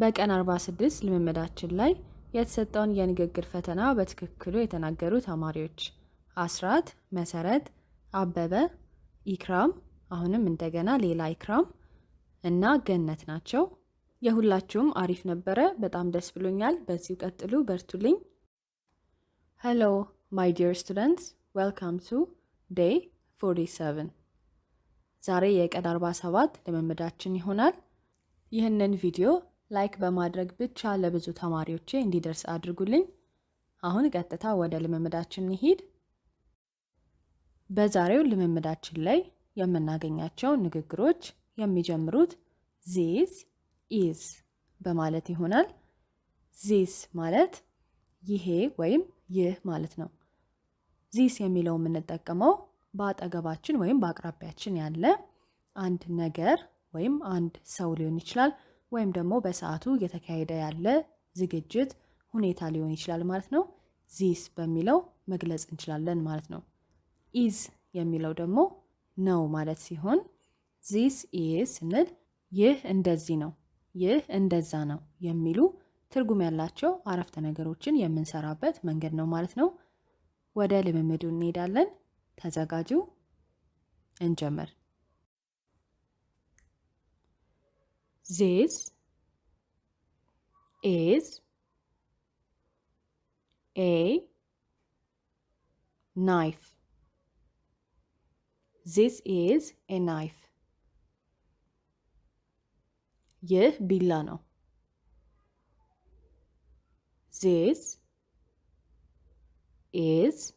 በቀን 46 ልምምዳችን ላይ የተሰጠውን የንግግር ፈተና በትክክሉ የተናገሩ ተማሪዎች አስራት፣ መሰረት፣ አበበ፣ ኢክራም አሁንም እንደገና ሌላ ኢክራም እና ገነት ናቸው። የሁላችሁም አሪፍ ነበረ። በጣም ደስ ብሎኛል። በዚሁ ቀጥሉ፣ በርቱልኝ። ሄሎ ማይ ዲር ስቱደንትስ ዌልካም ቱ ዴይ 47 ዛሬ የቀን 47 ልምምዳችን ይሆናል። ይህንን ቪዲዮ ላይክ በማድረግ ብቻ ለብዙ ተማሪዎቼ እንዲደርስ አድርጉልኝ። አሁን ቀጥታ ወደ ልምምዳችን እንሂድ። በዛሬው ልምምዳችን ላይ የምናገኛቸው ንግግሮች የሚጀምሩት ዚስ ኢዝ በማለት ይሆናል። ዚስ ማለት ይሄ ወይም ይህ ማለት ነው። ዚስ የሚለው የምንጠቀመው በአጠገባችን ወይም በአቅራቢያችን ያለ አንድ ነገር ወይም አንድ ሰው ሊሆን ይችላል ወይም ደግሞ በሰዓቱ እየተካሄደ ያለ ዝግጅት ሁኔታ ሊሆን ይችላል ማለት ነው። ዚስ በሚለው መግለጽ እንችላለን ማለት ነው። ኢዝ የሚለው ደግሞ ነው ማለት ሲሆን ዚስ ኢዝ ስንል ይህ እንደዚህ ነው፣ ይህ እንደዛ ነው የሚሉ ትርጉም ያላቸው አረፍተ ነገሮችን የምንሰራበት መንገድ ነው ማለት ነው። ወደ ልምምዱ እንሄዳለን። ተዘጋጁ፣ እንጀምር። This is a knife. This is a knife. Yeh bilano. This is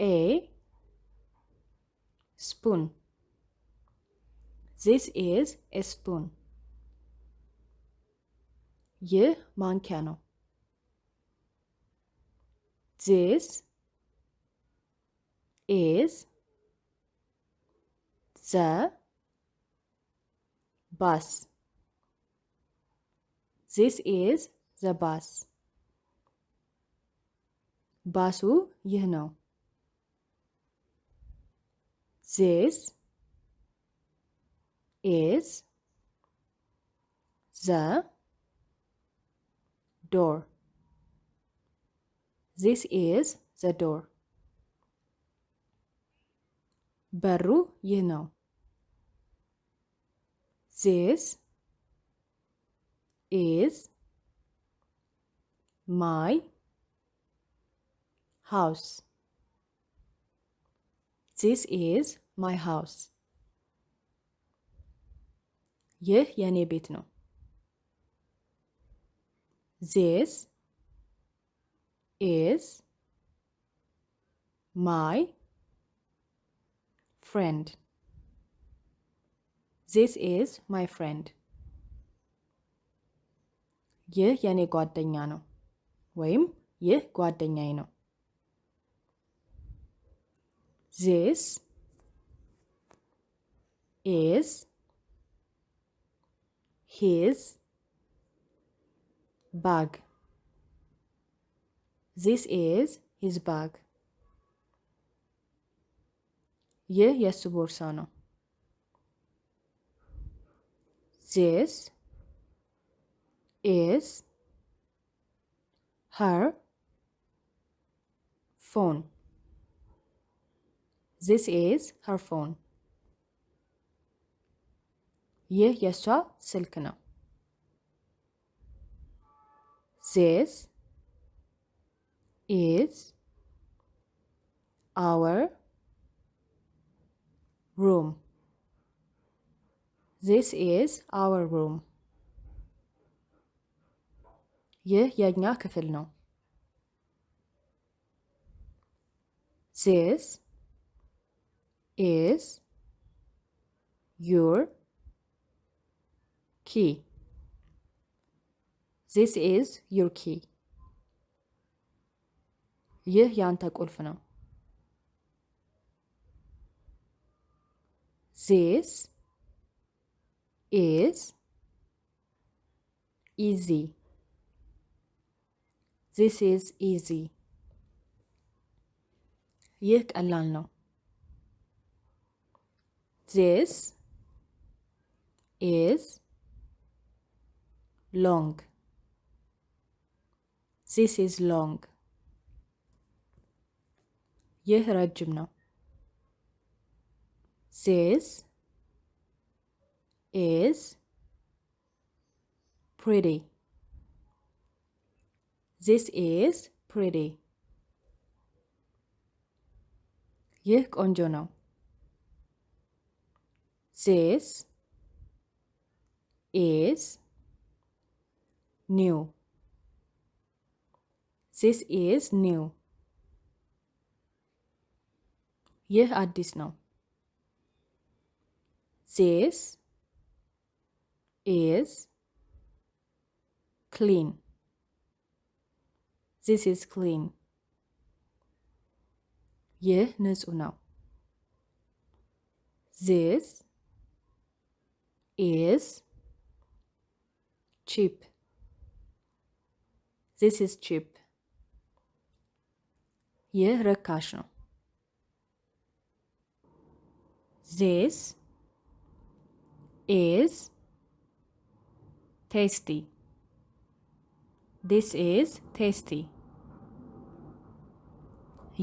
a spoon. This is a spoon. ይህ ማንኪያ ነው። This is the bus. This is the bus. ባሱ ይህ ነው። This is the door. This is the door. Baru you know. This is my house. This is my house. ይህ የእኔ ቤት ነው። ዚስ ኢዝ ማይ ፍሬንድ። ዚስ ኢዝ ማይ ፍሬንድ። ይህ የእኔ ጓደኛ ነው ወይም ይህ ጓደኛዬ ነው። ዚስ ኢዝ his bag. This is his bag. yes, የእሱ borsano. This is her phone. This is her phone. ይህ የእሷ ስልክ ነው። ዚስ ኢዝ አወር ሩም ዚስ ኢዝ አወር ሩም። ይህ የእኛ ክፍል ነው። ዚስ ኢዝ ዩር ኪ ዚስ ኢዝ ዩር ኪ ይህ ያንተ ቁልፍ ነው። ዚስ ኢዝ ኢዚ ዚስ ኢዝ ኢዚ ይህ ቀላል ነው። ዚስ ኢዝ long. This is long። ይህ ረጅም ነው። This is pretty. This is pretty. ይህ ቆንጆ ነው። This is new. This is new. ይህ አዲስ ነው። This is clean. This is clean. ይህ ንጹህ ነው። This is cheap. ዚስ ኢዝ ቺፕ። ይህ ርካሽ ነው። ዚስ ኢዝ ቴስቲ። ዚስ ኢዝ ቴስቲ።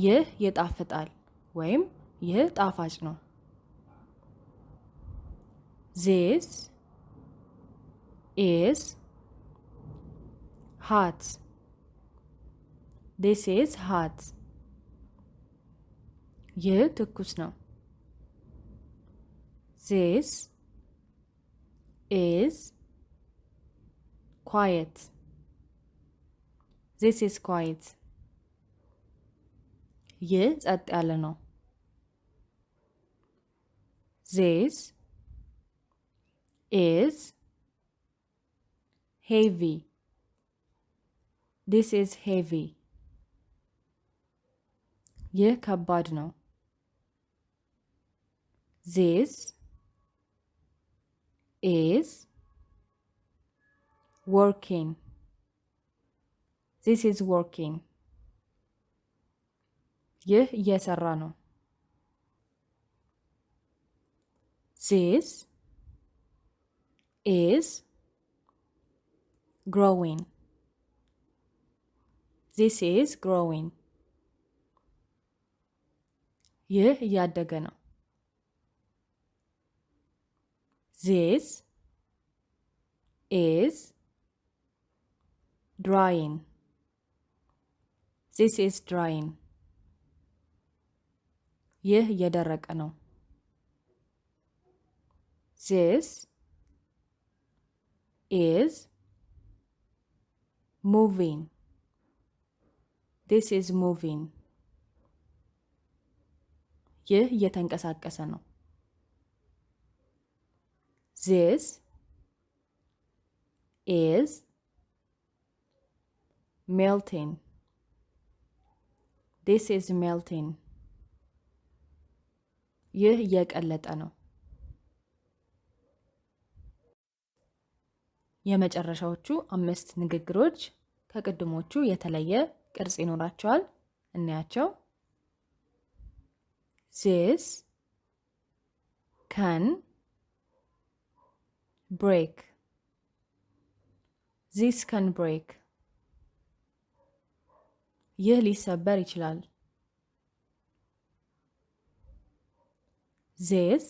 ይህ ይጣፍጣል ወይም ይህ ጣፋጭ ነው። ዚስ ኢዝ hearts. This is hearts. ይህ ትኩስ ነው። This is quiet. This is quiet. ይህ at ያለ ነው። This is heavy. This is heavy. ይህ ከባድ ነው። This is working. This is working. ይህ እየሰራ ነው። This is growing. This is growing. ይህ እያደገ ነው። This is drawing. This is drawing. ይህ እየደረቀ ነው። This is moving. ዲስ ኢዝ ሙቪንግ ይህ እየተንቀሳቀሰ ነው። ዚስ ኢዝ ሜልቲንግ ዲስ ኢዝ ሜልቲንግ ይህ እየቀለጠ ነው። የመጨረሻዎቹ አምስት ንግግሮች ከቅድሞቹ የተለየ ቅርጽ ይኖራቸዋል። እናያቸው። ዚስ ከን ብሬክ፣ ዚስ ከን ብሬክ። ይህ ሊሰበር ይችላል። ዚስ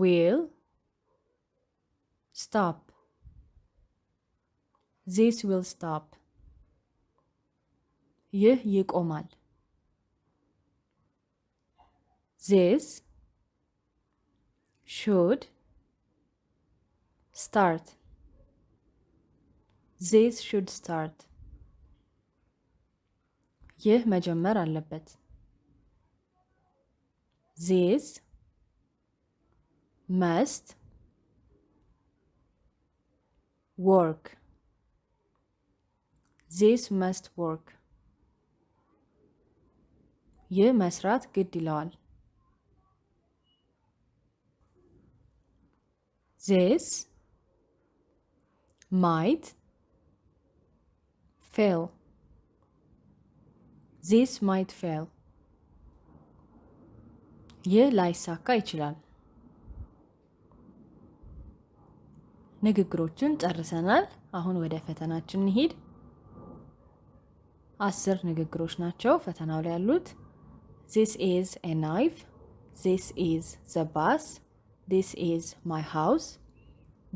ዊል ስቶፕ፣ ዚስ ዊል ስቶፕ ይህ ይቆማል። ዚስ ሹድ ስታርት ዚስ ሹድ ስታርት ይህ መጀመር አለበት። ዚስ መስት ወርክ ዚስ መስት ወርክ ይህ መስራት ግድ ይለዋል። this ማይት fail this ማይት fail ይህ ላይሳካ ይችላል። ንግግሮችን ጨርሰናል። አሁን ወደ ፈተናችን እንሂድ። አስር ንግግሮች ናቸው ፈተናው ላይ ያሉት። ዚስ ኢዝ ኤ ናይፍ፣ ዚስ ኢዝ ዘ ባስ፣ ዚስ ኢዝ ማይ ሃውስ፣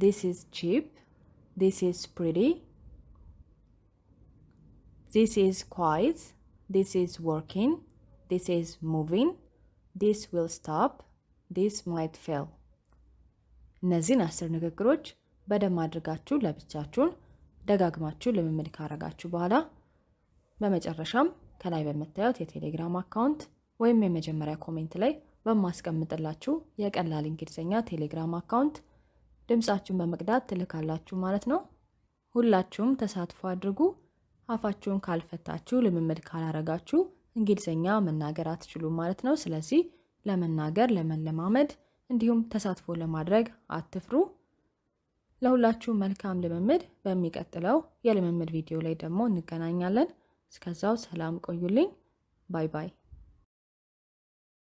ዚስ ኢዝ ቺፕ፣ ዚስ ኢዝ ፕሪቲ፣ ዚስ ኢዝ ኳይት፣ ዚስ ኢዝ ወርኪንግ፣ ዚስ ኢዝ ሙቪንግ፣ ዚስ ዊል ስታፕ፣ ዚስ ማይት ፌል። እነዚህን አስር ንግግሮች በደንብ አድርጋችሁ ለብቻችሁን ደጋግማችሁ ልምምድ ካረጋችሁ በኋላ በመጨረሻም ከላይ በምታዩት የቴሌግራም አካውንት ወይም የመጀመሪያ ኮሜንት ላይ በማስቀምጥላችሁ የቀላል እንግሊዝኛ ቴሌግራም አካውንት ድምጻችሁን በመቅዳት ትልካላችሁ ማለት ነው። ሁላችሁም ተሳትፎ አድርጉ። አፋችሁን ካልፈታችሁ፣ ልምምድ ካላረጋችሁ እንግሊዝኛ መናገር አትችሉም ማለት ነው። ስለዚህ ለመናገር ለመለማመድ እንዲሁም ተሳትፎ ለማድረግ አትፍሩ። ለሁላችሁ መልካም ልምምድ። በሚቀጥለው የልምምድ ቪዲዮ ላይ ደግሞ እንገናኛለን። እስከዛው ሰላም ቆዩልኝ። ባይ ባይ።